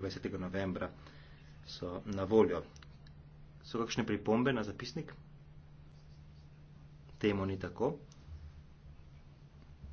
20. novembra so na voljo. So kakšne pripombe na zapisnik? Temu ni tako.